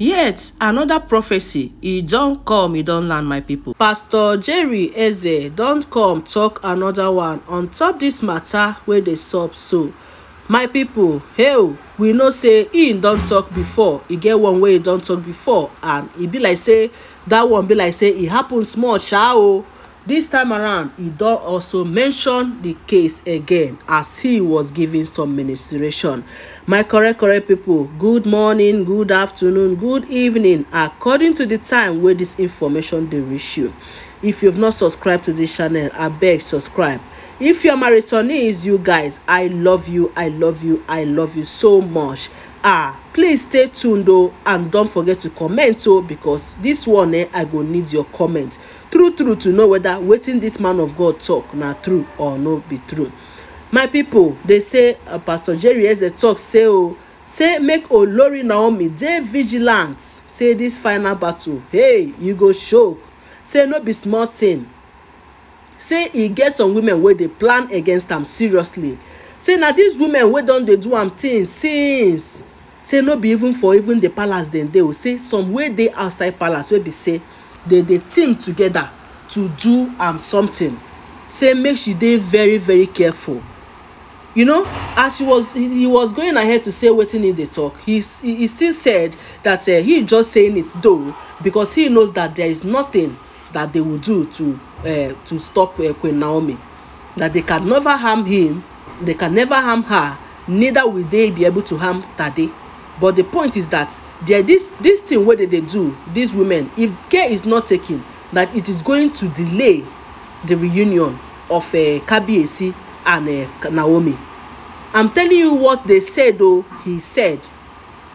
yet another prophecy e don come e don land my people. pastor jerry eze don come talk another one on top this matter wey dey sup so my people. hail we know say im don talk before e get one wey e don talk before and e be like say that one be like say e happun small sha o oh this time around he don also mention the case again as he was giving some ministration my correct correct people good morning good afternoon good evening according to the time wey this information dey reach you if you've not subscribed to this channel abeg subscribe if your marathon is you guys i love you i love you i love you so much ah please stay tuned o and don't forget to comment o oh, because this one eh i go need your comment true true to know whether wetin this man of god talk na true or no be true my people dey say uh, pastor jerry eze talk say o oh, say make olori naomi dey vigilant say this final battle hey you go show say no be small thing say e get some women wey dey plan against am seriously say na these women wey don dey do am things since say no be even for even the palace dem dey o say some wey dey outside palace wey be say dey dey team together to do am um, something say make she dey very very careful you know as he was he, was going ahead to say wetin he dey talk he, he he still said that uh, he just saying it though because he knows that there is nothing that they will do to uh, to stop uh, Queen Naomi that they can never harm him they can never harm her neither will they be able to harm Tade but the point is that there this this thing wey they dey do these women if care is not taken that it is going to delay the reunion of uh, eh, kabiyesi and uh, naomi i'm telling you what they said oh, he said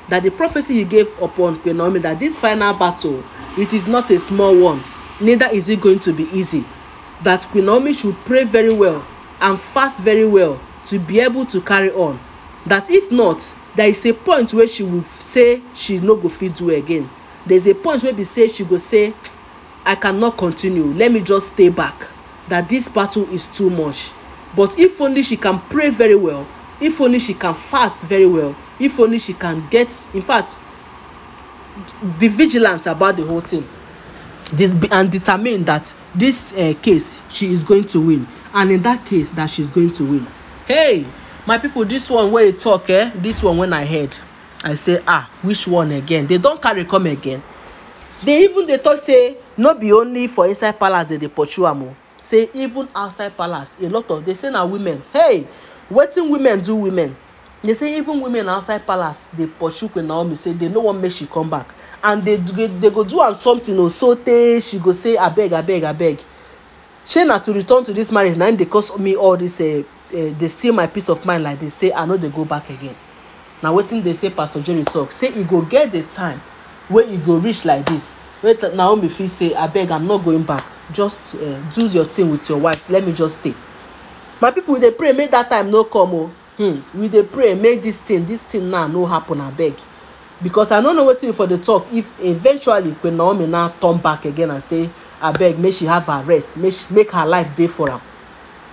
that the prophecy he gave upon queen naomi that this final battle it is not a small one neither is it going to be easy that queen naomi should pray very well and fast very well to be able to carry on that if not there is a point wey she will say she no go fit do again there is a point wey be say she go say i cannot continue let me just stay back that this battle is too much but if only she can pray very well if only she can fast very well if only she can get in fact be vigilant about the whole thing this, and determine that this uh, case she is going to win and in that case that she is going to win hey my people this one wey e talk eh this one when i heard i say ah which one again they don carry come again they even dey talk say no be only for inside palace they dey pursue am o say even outside palace a lot of they say na women hey wetin women do women they say even women outside palace dey pursue queen naomi say they no wan make she come back and they they, they go do am something o so tey she go say abeg abeg abeg shey na to return to this marriage na im dey cause me all this uh, uh, eh, dey steal my peace of mind like dey say i no dey go back again na wetin dey say pastor jerry talk say e go get the time wey e go reach like this wey naomi fit say abeg i'm not going back just uh, do your thing with your wife let me just stay my people we dey pray make that time no come o oh. hmm, we dey pray make this thing this thing now no happen abeg because i no know wetin for dey talk if eventually when naomi now turn back again and say abeg make she have her rest make she make her life dey for am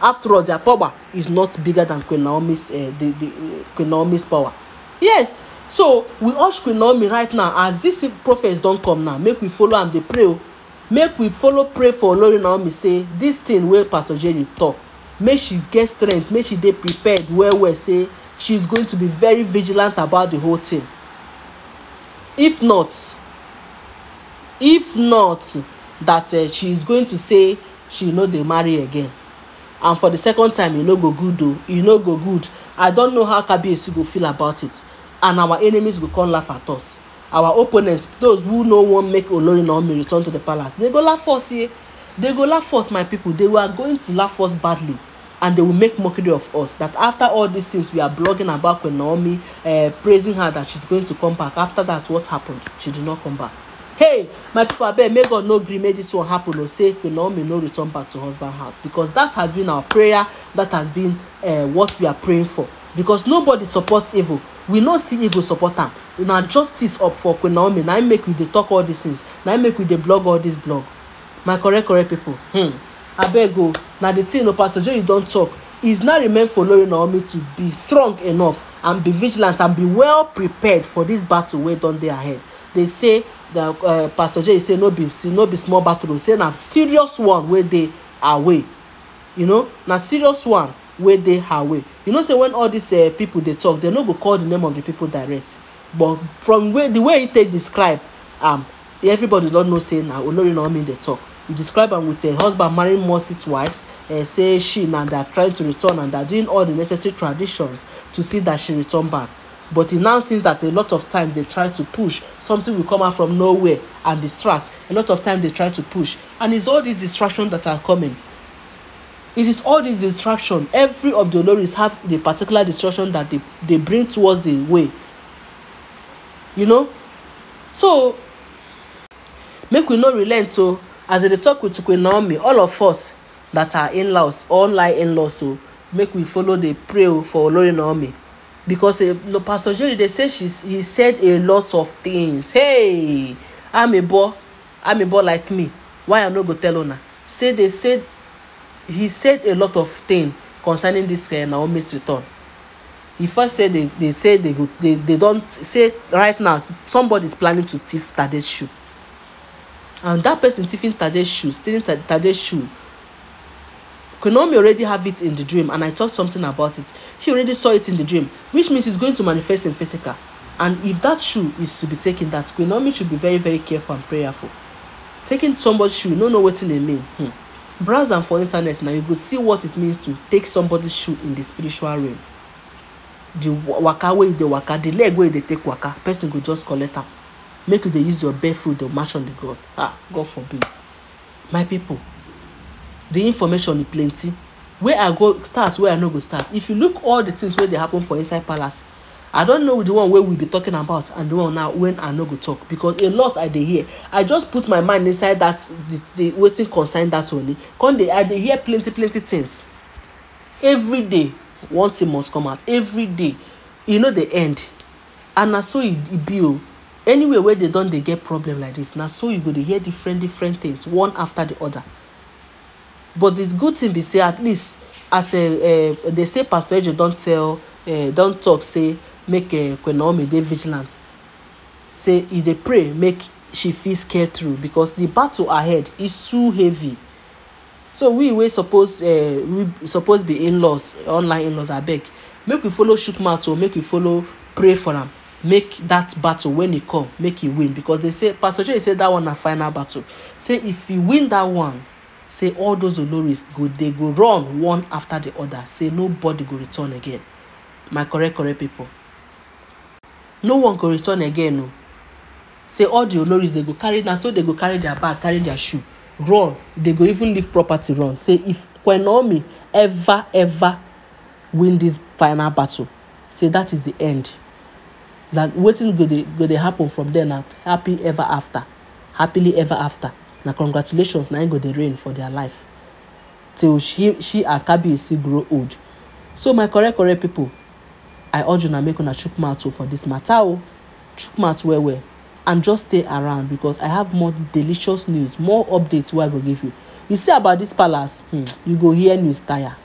After all, their power is not bigger than Queen Naomi's, uh, the, the, uh, Queen Naomi's power. Yes, so we urge Queen Naomi right now, as this prophet don come now, make we follow am dey pray o. Oh. Make we follow pray for Olori Naomi say this thing wey Pastor Jerry talk, make she get strength, make she dey prepared well well say she's going to be very vigilant about the whole thing. If not, if not that uh, she is going to say she no dey marry again and for the second time e no go good o e no go good i don know how kabiyesi go feel about it and our enemies go come laugh at us our opponents those who no wan make olori naomi return to the palace They go laugh us ye. They go laugh us my people they were going to laugh us badly and they will make mockery of us that after all these things we are blogging about Queen Naomi, uh, praising her that she's going to come back after that what happened she did not come back hey my people abeg may god no gree make this one happen o oh, say Naomi no return back to husband house because that has been our prayer that has been uh, what we are praying for because nobody support evil we no see evil support am na justice up for Queen Naomi na im make we dey talk all these things na im make we dey blog all this blog my correct correct people hmm abeg o oh, na the thing o oh, pastor jerry don talk is now remain for Olori Naomi to be strong enough and be vigilant and be well prepared for this battle wey don dey ahead they say the uh, pastor jay say no be no be small battle say na serious one wey dey her way you know na serious one wey dey her way you know say when all these uh, people dey talk they no go call the name of the people direct but from where the way he take describe am everybody don know say na olori naomi dey talk He describe am with her husband marrying moses wives uh, say she na that trying to return and that doing all the necessary traditions to see that she return back but it now seems that a lot of times they try to push something will come out from nowhere and distract a lot of times they try to push and it's all these distractions that are coming it is all these distraction every of the lorries have the particular distraction that they they bring towards the way you know so make we no relent so oh. as they talk with queen naomi all of us that are in-laws all lie in-laws o oh, make we follow the pray o for olori naomi because uh, pastor jerry dey say she he said a lot of things hey I'm I'm a boy. a boy like me why i no go tell una say they said he said a lot of things concerning this uh, eh, naomi's return he first say they they say they go they they don't say right now somebody is planning to thief tade's shoe and that person thieving tade's shoe stealing tade's shoe Konomi already have it in the dream, and I talked something about it. He already saw it in the dream, which means it's going to manifest in physical. And if that shoe is to be taken, that Konomi should be very, very careful and prayerful. Taking somebody's shoe, no know what they mean. Hmm. Browse and for internet now, you go see what it means to take somebody's shoe in the spiritual realm. The waka way they waka, the leg way they take waka, person could just collect am. Make you they use your bare foot dey match on the ground. Ah, God forbid. My people, the information plenty where i go start where i no go start if you look all the things wey dey happen for inside palace i don know the one wey we be talking about and the one now when i no go talk because a lot i dey hear i just put my mind inside that the the wetin concern that only come dey i dey hear plenty plenty things every day one thing must come out every day e no dey end and na so e, e be o anywhere wey dey don dey get problem like this na so you go dey hear different different things one after the other but the good thing be say at least as a um they say pastor ejo don tell um don talk say make um queen naomi dey vigilant say e dey pray make she fit scare through because the battle ahead is too heavy so we wey suppose uh, we suppose be in-laws online in-laws abeg make we follow chook mouth o oh, make we follow pray for am make that battle when e come make e win because they say pastor jay say that one na final battle say if e win that one say all those oloris go they go run one after the other say nobody go return again my correct correct people. no one go return again o oh. say all the oloris they go carry na so they go carry their bag carry their shoe run They go even leave property run say if queen ever ever win this final battle say that is the end that wetin go dey go dey happen from there na happy ever after happily ever after na congratulations na im e go dey reign for their life till she she and kabiyesi grow old so my correct correct pipo i urge una make una chook mouth o oh for dis matter o oh. chook mouth well well and just stay around because i have more delicious news more updates wey i go give you you see about dis palace hmm, you go hear news tire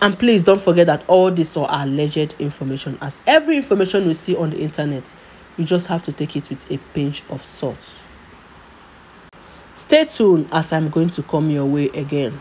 and please don't forget that all this are alleged information as every information we see on the internet you just have to take it with a pinch of salt Stay tuned as I'm going to come your way again.